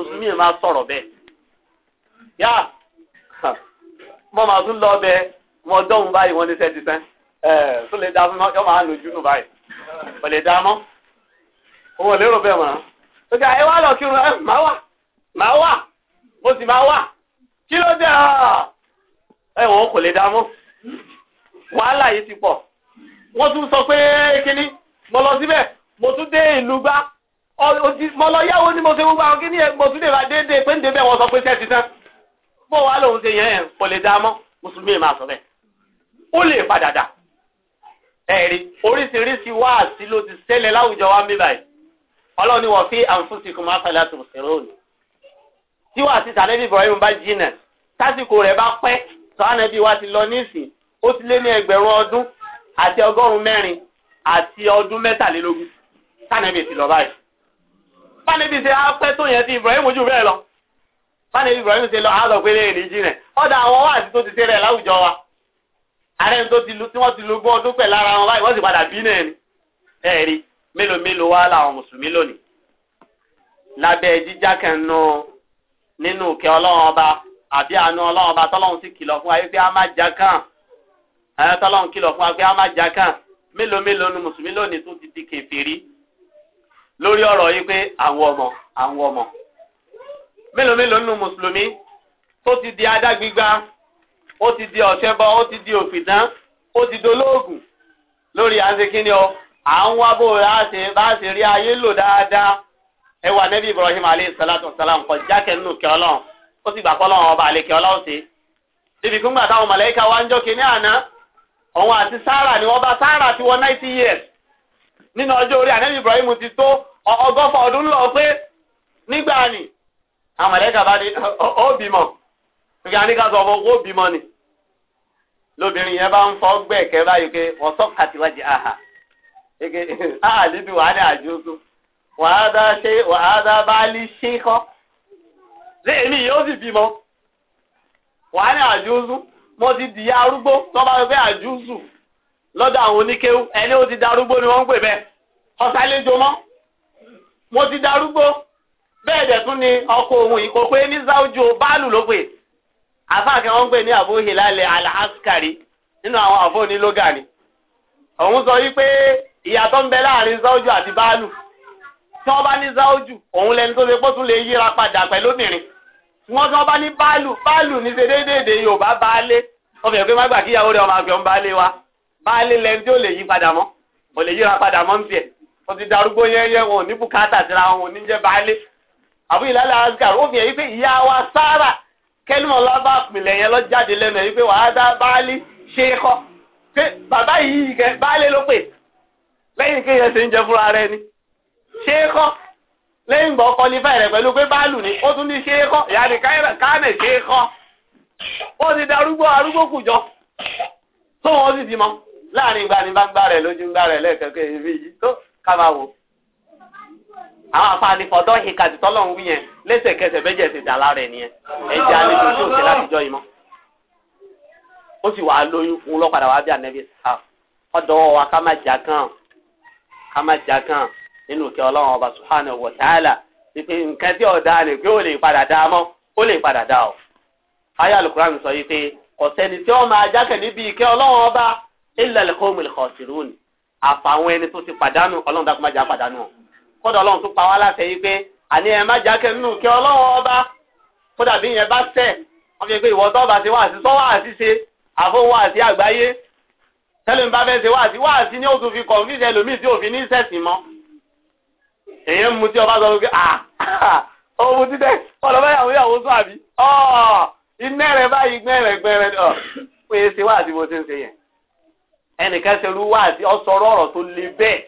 mùsùlùmí yẹn máa sọ̀rọ̀ bẹ́ẹ̀ yá mo máa tún lọ bẹ wọn dọ́hùn báyìí wọn ní sẹ́ẹ̀tì sẹ́n ẹ̀ tó lè dá fún yọ máa lójú nù báyìí kò lè dá mọ́ òun ò lérò bẹ́ẹ̀ mọ́ ó ká ẹ wá lọ kírun ẹ máa wà máa wà mo sì máa wà kí ló dé ẹ wọn kò lè dá mọ́ wàhálà yìí ti pọ̀ wọ́n tún sọ pé kíní mo lọ síbẹ̀ mo tún dé ìlú gbá mo lọ yáwó ni mo ṣe gbogbo àwọn kí ni mo tún lè ra déédéé pé ń débẹ̀ wọ́n sọ pé sẹ́ẹ̀tì tán bó wa lòun ṣe yẹn kò lè dá mọ́ mùsùlùmí máa sọ bẹ́ẹ̀ ó lè padà dà ẹ̀rí oríṣiríṣi wáàsí ló ti ṣẹlẹ̀ láwùjọ wa mí báyìí ọlọ́run ni wọ́n fi àǹfùsìkùn máa fẹ́ láti òṣèré òní tí wàásí tàlẹ́bí Ibrahim bá jìnà tásìkò rẹ̀ bá pẹ́ sọ́hánẹ́bí wa ti lọ níìsín ó ti lé ní ẹgbẹ̀rún ọdún àti ọgọ́rùn-ún mẹ́rin àti fánibí ṣe afẹ́ tó yẹn ti Ibrahim ojú bẹ́ẹ̀ lọ fánibí Ibrahim ṣe lọ àádọ́ pé lẹ́yìn níjì rẹ̀ ọ̀dà àwọn wáàsí tó ti ṣe rẹ̀ láwùjọ wa ààrẹ tó ti lu tí wọ́n ti lu gbọ́ ọdún pẹ̀ lára wọn báyìí wọ́n sì padà bí náà ni ẹ̀rí mélòó mélòó wá làwọn mùsùlùmí lónìí lábẹ́ jíjá kẹ́nu nínú ìkẹ́ ọlọ́run ọba àbí àánú ọlọ́run ọba tọ́lọ́run sì kìlọ̀ fún wa pé a má já kàn ẹ̀ tọ́lọ́run kìlọ̀ fún wa pé a má já kàn mélòó mélòó ni mùsùlùmí lónìí tún ti di kèfèrí lórí ọ̀rọ̀ yìí pé àwọn ọmọ àwọn ọmọ mélòó mélòó nínú mùsùlùmí tó ti di adágbígbá ó ti di ọ̀ṣẹ́bọ ó ti di òfìdán ó ti dolóògùn lórí àṣekínni ọ à ń wá bó bá ṣe rí ayé lò dáadáa ẹ wà Ibrahim aleyhi salatu salam kọjá kẹ́nu kẹ́ ọlọ́run ó sì gbà kọ́ ọlọ́run ọba àlekẹ́ ọlọ́run ṣe níbi fúngbà táwọn mọ̀lẹ́kà wá ń jọ́ kínní àná òun àti Sárà ni wọ́n bá Sárà ti wọ ninety years nínú ọjọ́ orí ànábì Ibrahim ti tó ọgọ́fà ọdún lọ pé nígbà ni àwọn ẹ̀lẹ́kà bá ní ó bímọ nígbà ní ká sọ fún ó bímọ ni lóbìnrin yẹn bá ń fọ gbẹ̀kẹ́ báyìí pé wọ́n sọ kàtíwájì àhà eke àhà níbi wàá ní àjọsọ wàá dá ṣe wàá dá báálí ṣe kọ́ ṣé èmi yóò sì bímọ wàá ní àjọsọ mo ti dìyà arúgbó tó bá fẹ́ àjọsọ lọ́dọ̀ àwọn oníkéwú ẹni ó ti darúgbó ni wọ́n ń pè bẹ́ẹ̀ ọ̀sálẹ́jọ mọ́ mo ti darúgbó bẹ́ẹ̀ dẹ̀ tún ni ọkọ òun yìí kò pé ní záwùjọ báàlù ló pè àfáàkẹ́ wọ́n ń pè ní Abu Hilal al nínú àwọn àfọ onílógà ni òun sọ wípé ìyàtọ̀ ń bẹ láàrin záwùjọ àti báàlù tí wọ́n bá ní záwùjù òun lẹni tó ṣe pọ́ tún lè yíra padà pẹ̀lóbìnrin tí wọ́n tí wọ́n bá ní báàlù báàlù ní ṣe déédéé Yorùbá baálé wọ́n pé má gbà kíyàwó rẹ̀ ọmọ àgbẹ̀ ń baálé wa baálé lẹni tí ó lè yí padà mọ́ kò lè yíra padà mọ́ ń tiẹ̀ wọ́n ti darúgbó yẹ́yẹ́ wọn ò ní bùkátà síra wọn ò ní jẹ́ baálé àbú ìlàlẹ̀ asgar ó fi hàn yí pé ìyá wa sára kẹ́lìmọ̀ lábá pìlẹ̀ yẹn lọ jáde lẹ́nu yí pé wàá dá baálé ṣe é kọ́ pé bàbá yìí kẹ baálé ló pè lẹ́yìn kéèyàn ṣe ń jẹ fúnra rẹ ni ṣe é kọ́ lẹ́yìn gbọ́ kọ́ ní fẹ́rẹ̀ pẹ̀lú pé báàlù ni ó tún ní ṣe é kọ́ ìyá ni ṣe é kọ́ ó ti darúgbó arúgbó kùjọ tó wọn sì ti mọ́. láàrin ìgbà ni bá gbà rẹ̀ lójú gbà rẹ̀ lẹ́ẹ̀kẹ́kẹ́ ibi yìí tó ká máa wò. àwọn àfààní fọ̀dọ́ ìka ti tọ́lọ̀ wí yẹn lẹ́sẹ̀kẹsẹ̀ bẹ́jẹ̀ ti dà lára ẹ̀ nìyẹn ẹ̀jẹ̀ àlejò tí lati jọ imọ. ó sì wàá lóyún lọ́padà wàá bí sá wa ká má jà kàn ká má jà kàn nínú ọba nǹkan tí ọ̀dà ni pé ó lè padà dá mọ́ ó lè padà dá ọ. sọ yìí pé tí illa al-qawmul khasirun àfàwọn ẹni tó ti pàdánù ọlọ́run dákú má jà pàdánù ọ̀ kọ́dọ̀ ọlọ́run tó pa wá láṣẹ yìí pé àní ẹ má jà kẹ́ nínú kí ọlọ́run ọba kódà bí yẹn bá tẹ̀ wọ́n fi pé ìwọ tó bá ti wá sí sọ́ wá sí ṣe àfọwọ́ àti àgbáyé tẹ́lẹ̀ bá fẹ́ ṣe wá sí wá sí ní oṣù fi kọ̀ǹfíìsì ẹlòmíì tí òfin ní sẹ̀sìn mọ́ èyí mu tí ọba sọ pé à ah, ọmọ títẹ ọlọ́bẹ̀yàwó yàwó sọ àbí ọ iná rẹ báyìí gbẹ̀rẹ̀gbẹ̀rẹ̀ ọ pé ṣe wá sí bó ṣe ń ṣe yẹn ẹnìkan ṣe olú wá àti ọsọrọ ọ̀rọ̀ tó le bẹ́ẹ̀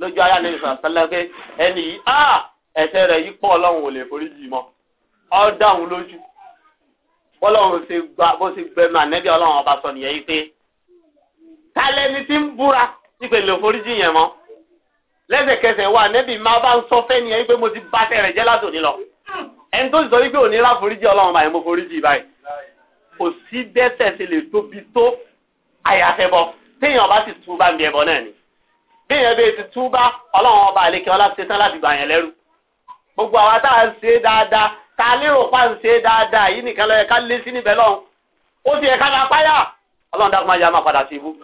lójú ayé àlejò sàtẹlẹ pé ẹnì yìí á ẹsẹ̀ rẹ̀ yìí pọ̀ Ọlọ́run ò lè forí jì mọ́ ọ dáhùn lójú bọ́lọ́run ṣe gba bó ṣe gbẹnu ànẹbí Ọlọ́run ọba sọ nìyẹn yìí pé tálẹni tí ń búra nípe lè forí jì yẹn mọ́ lẹ́sẹ̀kẹsẹ̀ wà ànẹbí máa bá ń sọ fẹni yẹn pé mo ti bá tẹrẹ jẹ látòní lọ ẹni tó sọ wípé òní ráforí jì Ọlọ́run báyìí mo forí jì báyìí kò sí bẹ́sẹ̀ ṣe lè tóbi tó àyàfẹ́ bọ́. téèyàn bá sì túbá ń bí ẹbọ náà ni béèyàn i ti túbá ọlọ́run ọba àlekẹ́ ọlá ti tán láti gbà yẹn gbogbo àwa tá à ń ṣe dáadáa tá a lérò pa ń ṣe dáadáa yìí nìkan ló ká lé sí níbẹ̀ lọ́hùn ó ti ya máa padà sí ibú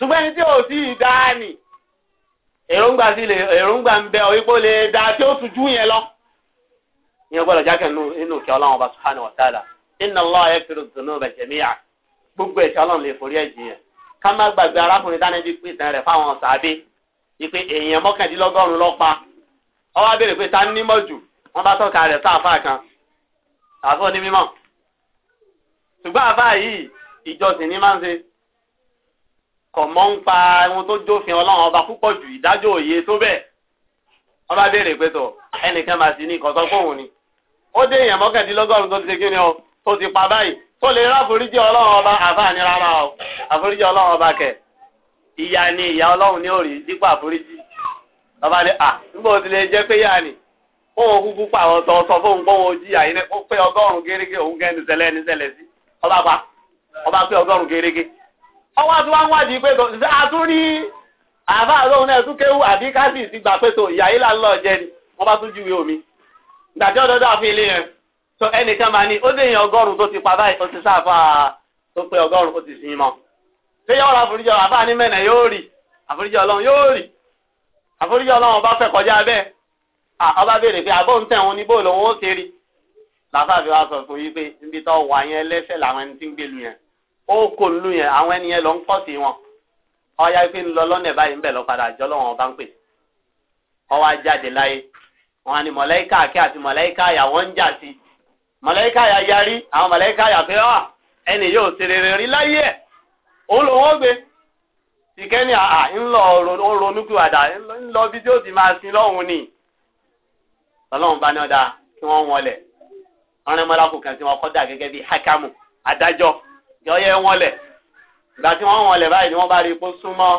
ṣùgbọ́n ẹni tí ò sí èròǹgbà sí lè èròǹgbà ń bẹ lè tí ó tujú yẹn lọ ìyẹn jákè nínú kí ọba inna ká má gbàgbé arákùnrin dání bí pín ìtàn rẹ̀ fáwọn sàábé ìpè èèyàn mọ́kàndínlọ́gọ́rùn ló pa ọwọ́ abẹ́rẹ́ pé ta ní mọ̀ jù wọ́n bá tọ́ka rẹ̀ sáàfà kan àfọ ní mímọ́ ṣùgbọ́n àfà yìí ìjọsìn ní máa ń ṣe kọ̀ mọ́ ń pa ohun tó jófin ọlọ́run ọba púpọ̀ jù ìdájọ́ òye tó bẹ́ẹ̀ wọ́n bá béèrè pé tọ̀ ẹnìkan máa sì ní ìkọ̀tọ́ fóun ni ó dé èèyàn mọ́kàndínlọ́gọ́rùn tó ti ṣe kí ni ọ tó ti pa báyìí kó lè rá àforíjì ọlọ́run ọba àbá ni rárá o ọba kẹ ìyá ni ìyá ọlọ́run ní òrì dípò ni ó ti lè pé ni kúkú pa àwọn fóun ojú ó pé ọgọ́rùn gérégé òun gẹ́ ní sẹlẹ̀ ní sẹlẹ̀ sí ọba pa ọba pé ọgọ́rùn gérégé ọwọ́ tí wọ́n ń wádìí pé àtún ní àlóhun náà tún àbí kábíyèsí gbà pé tó ìyá yìí tó ẹnìkan máa ní ó lè yan ọgọ́rùn tó ti pa báyìí ó ti sáfà tó pé ọgọ́rùn ó ti sin mọ́ ṣé yọ̀ọ́ àforíjọ àbá ní mẹnà yóò rì àforíjọ ọlọ́run yóò rì ọba kọjá bẹ́ẹ̀ ọba béèrè pé ń ní bóòlù òun ó wa sọ fún yín pé níbi tó wà yẹn làwọn ẹni tí ń gbé lu yẹn ó kò lu yẹn àwọn ẹni ọba ń pè ajáde láyé wọn ni àti àyàwó ń màláíkà yà yarí àwọn màláíkà yà fẹ́ wà ẹni yóò ṣe rere rí láyé ẹ̀ òun lòun ó gbé tìkẹ́ni àà ah, ah, ńlọ ronúkúwàdà ńlọ bí tí ó ti máa sin lọ́hùn ni ọlọ́run bá ní ọ̀dà kí wọ́n wọlẹ̀ ọ̀rẹ́ mọ́lákù kan tí wọ́n kọ́ dà gẹ́gẹ́ bí hakamu adájọ́ yọ̀ọ́yẹ́ wọlẹ̀ ìgbà tí wọ́n wọlẹ̀ báyìí ni wọ́n bá rí ipò súnmọ́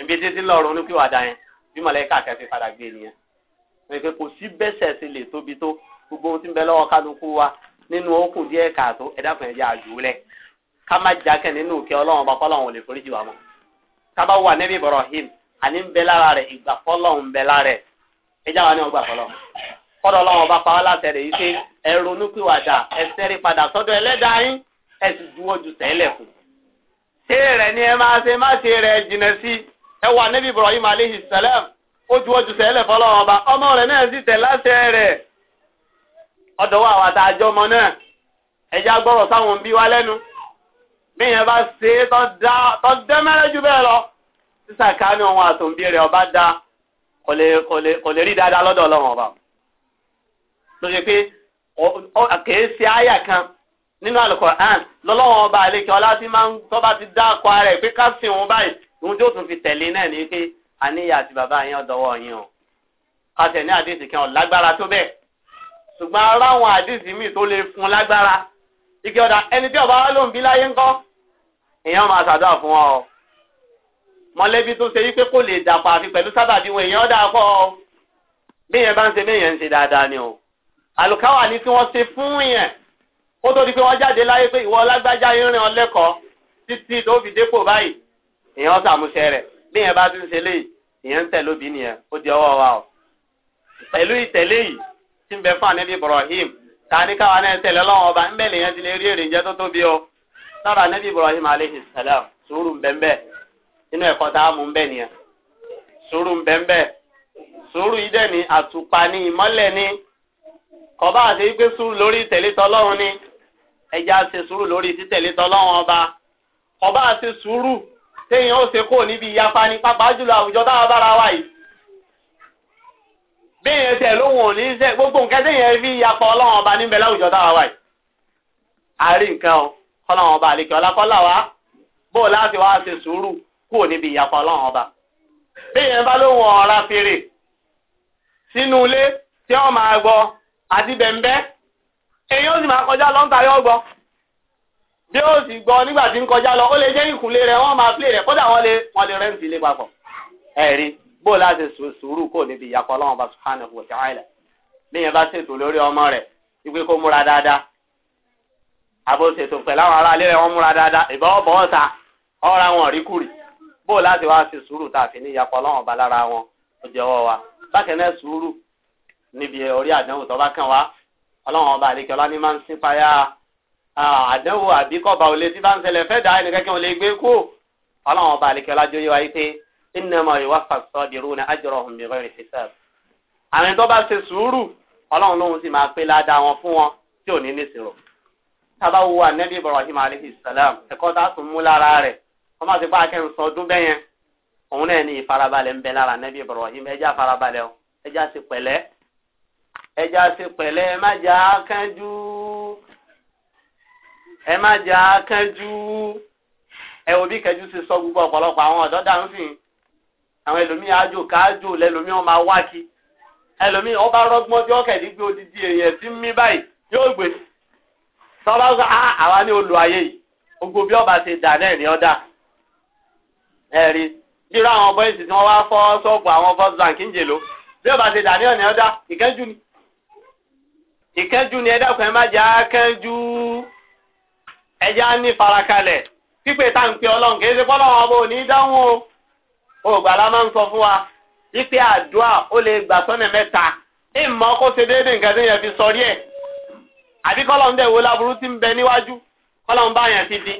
ibi títí lọ ronúkúwàdà yẹn bí mọ̀lẹ́kà kẹfì padà gbé nìyẹn pé kò sí bẹ́sẹ̀ sí lè tóbi tó gbogbo ohun ń bẹ lọ́wọ́ kálukú wa nínú okùn díẹ̀ kàtó ẹ̀dá fún ẹ̀jẹ̀ àjùlẹ̀ ká má jákẹ́ nínú ọba lè foríjì wa wà níbi àní ń bẹ lára ìgbà bẹ lára wa ni wọ́n gbà fọlọ́run kọ́dọ̀ ọlọ́run pa yìí padà yín dúró ju fún ṣé ni ẹ máa ṣe má ṣe jìnà sí ẹ wà ọ̀dọ̀ wa àwọn àtàjọ́ ọmọ náà ẹja gbọ́rọ̀ sáwọn bí wa lẹ́nu bí yẹn bá ṣe é tọ́ dẹ́ mẹ́rẹ́ jù bẹ́ẹ̀ lọ sísà kánú ọ̀hún àtòǹbí rẹ̀ ọba da kò lè rí dáadáa lọ́dọ̀ ọlọ́run ọba tó ṣe pé kèé ṣe àyà kan nínú Al-Qur'an lọ́lọ́run ọba àlekè ọlá tí máa ń tọ́ba ti dá akọ rẹ̀ pé ká sì òun báyìí òun tí ó tún fi tẹ̀lé náà ni pé àníyàn àti bàbá yẹn ọ̀dọ́wọ́ yẹn o ká ní àdéhùn kan lágbára tó bẹ́ẹ̀ ṣùgbọ́n ara àwọn àdìsí mi tó lè fún lágbára ike ọ̀dà ẹni tí ọba wa ló ń bí láyé ńkọ́ èèyàn máa ṣàdúrà fún ọ mọ̀lẹ́bí tó ṣe wípé kò lè dàpọ̀ àfi pẹ̀lú sábàbí wọn èèyàn dà pọ̀ ọ bí yẹn bá ń ṣe bí yẹn ń ṣe dáadáa ni o àlùkáwà ni tí wọ́n ṣe fún yẹn ó tó di pé wọ́n jáde láyé pé ìwọ lágbájá irin ọlẹ́kọ̀ọ́ títí tó fi dépò báyìí èèyàn ṣàmúṣe rẹ̀ bí bá ti ń ṣe léyìí ìyẹn ń tẹ̀lé nìyẹn ó di ọwọ́ wa o pẹ̀lú ìtẹ̀lé yìí tí ń bẹ fún ànábì Ibrahim tani káwọn ọba ńbẹ lèyàn ti lè rí èrè tó tóbi o lára ànábì Ibrahim aleyhi salam sùúrù ńbẹ́ńbẹ́ inú ẹ̀kọ́ tá a mú ńbẹ́ nìyẹn sùúrù ńbẹ́ńbẹ́ sùúrù yìí dẹ̀ ní àtùpà ní ọba téèyàn tẹ̀ lóhùn òní sẹ́ gbogbo nǹkan téèyàn fi yapa ọlọ́run ọba níbẹ̀ láwùjọ táwa wáyé àárí nǹkan o ọlọ́run ọba àlekè ọlákọ́lá wa bó o láti wá ṣe sùúrù kúrò níbi ìyapa ọlọ́run ọba téèyàn bá lóhùn ọ̀ra fèrè sínú ilé tí wọ́n máa gbọ́ àti bẹ̀m̀bẹ́ èyí ó sì máa kọjá lọ ń tayọ gbọ́ bí ó sì gbọ́ nígbà tí ń kọjá lọ ó lè jẹ́ ìkúnlé rẹ̀ wọ́n máa plé rẹ̀ kódà wọ́n lè wọ́n lè rẹ́ǹtì ilé papọ̀ ẹ̀rí bó láti sùúrù kò níbi ìyapa ọlọ́run bá subhanahu wa ta'ala bíyẹn bá ṣètò lórí ọmọ rẹ̀ wípé kó múra dáadáa àbò ṣètò pẹ̀lú àwọn aráalé rẹ̀ wọ́n múra dáadáa ìbọ̀wọ̀ bọ̀wọ̀ ta ọ̀rọ̀ àwọn rí bó láti wá ṣe sùúrù tá a fi ní ìyapa ọlọ́run bá lára wọn ó jẹ́wọ́ wa bákan sùúrù níbi orí àdánwò tó bá kàn wá ọlọ́run ọba àlekẹ́ ọlá ní máa ń sín payá àdánwò àbíkọ́ba ò lè ti bá ń ṣẹlẹ̀ fẹ́ dá ẹnìkẹ́kẹ́ ò lè gbé kú ọlọ́run ọba àlekẹ́ ọlá jóyè wáyé pé innama yuwaffa as-sabiruna ajrahum bighayri hisab. àwọn tó bá ṣe sùúrù ọlọ́run lóhun sì máa pé ládàá wọn fún wọn tí ò ní níṣirò. tábà wo anabi ibrahim alayhi salam ẹ̀kọ́ tá a tún mú lára rẹ̀ wọ́n máa ti bá akẹ́rù sọ ọdún bẹ́yẹn òun náà ní ìfarabalẹ̀ ń bẹ lára anabi ibrahim ẹja farabalẹ̀ o ẹja sì pẹ̀lẹ́ ẹja sì pẹ̀lẹ́ ẹ má jà kánjú ẹ má jà kánjú ẹ òbí kẹjú sì sọ gbogbo ọ̀pọ̀lọpọ̀ àwọn ọ̀dọ́ dàrú sí àwọn ẹlòmíì ájò káájò lẹlòmíì ọmọ awáki ẹlòmíì ọba rọgbọn tí ọkẹ ní pé odidi èèyàn ti ń mí báyìí yóò gbé tọ́lá sọ á ah, ah, àwa ní olù ayé yìí gbogbo bí ọba ṣe dà náà ní ọ̀dà ẹ̀rí bírò àwọn bọ́ìsì tí wọ́n wá fọ́ ṣọ́ọ̀bù àwọn first bank ń jèlò bí ọba ṣe dà ní ọ̀nà ọ̀dà ìkẹ́jú ni ìkẹ́jú ni ẹ̀dá kan ẹ má jẹ́ akẹ́jú ẹ̀já ní farakalẹ̀ pípé tá à kì í ṣe pọ́lọ́run ọba ò ní dáhùn o ògbàlá máa ń sọ fún wa wípé àdúrà ó lè gbà sọ́nà mẹ́ta ìmọ̀ kó ṣe déédéé nǹkan tí yẹn fi sọrí ẹ̀ àbí kọ́lọ̀ ń dẹ̀ wo láburú tí ń bẹ níwájú kọ́lọ̀ ń bá yẹn ti dín